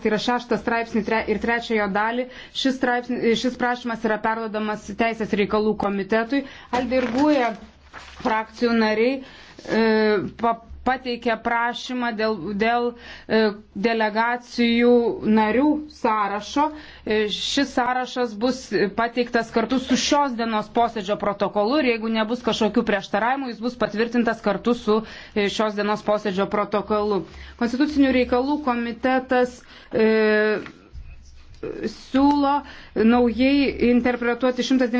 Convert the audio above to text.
Tai yra šeštas straipsnį ir trečiojo dalį. Šis, straipsnį, šis prašymas yra perdodamas Teisės reikalų komitetui. Alde ir Guja frakcijų nariai e, pa, pateikė prašymą dėl, dėl e, delegacijų narių sąrašo. E, šis sąrašas bus pateiktas kartu su šios dienos posėdžio protokolu ir jeigu nebus kažkokių prieštaravimų, jis bus patvirtintas kartu su e, šios dienos posėdžio protokolu. Konstitucinių reikalų komitetas. E, siūlo naujai interpretuoti 190.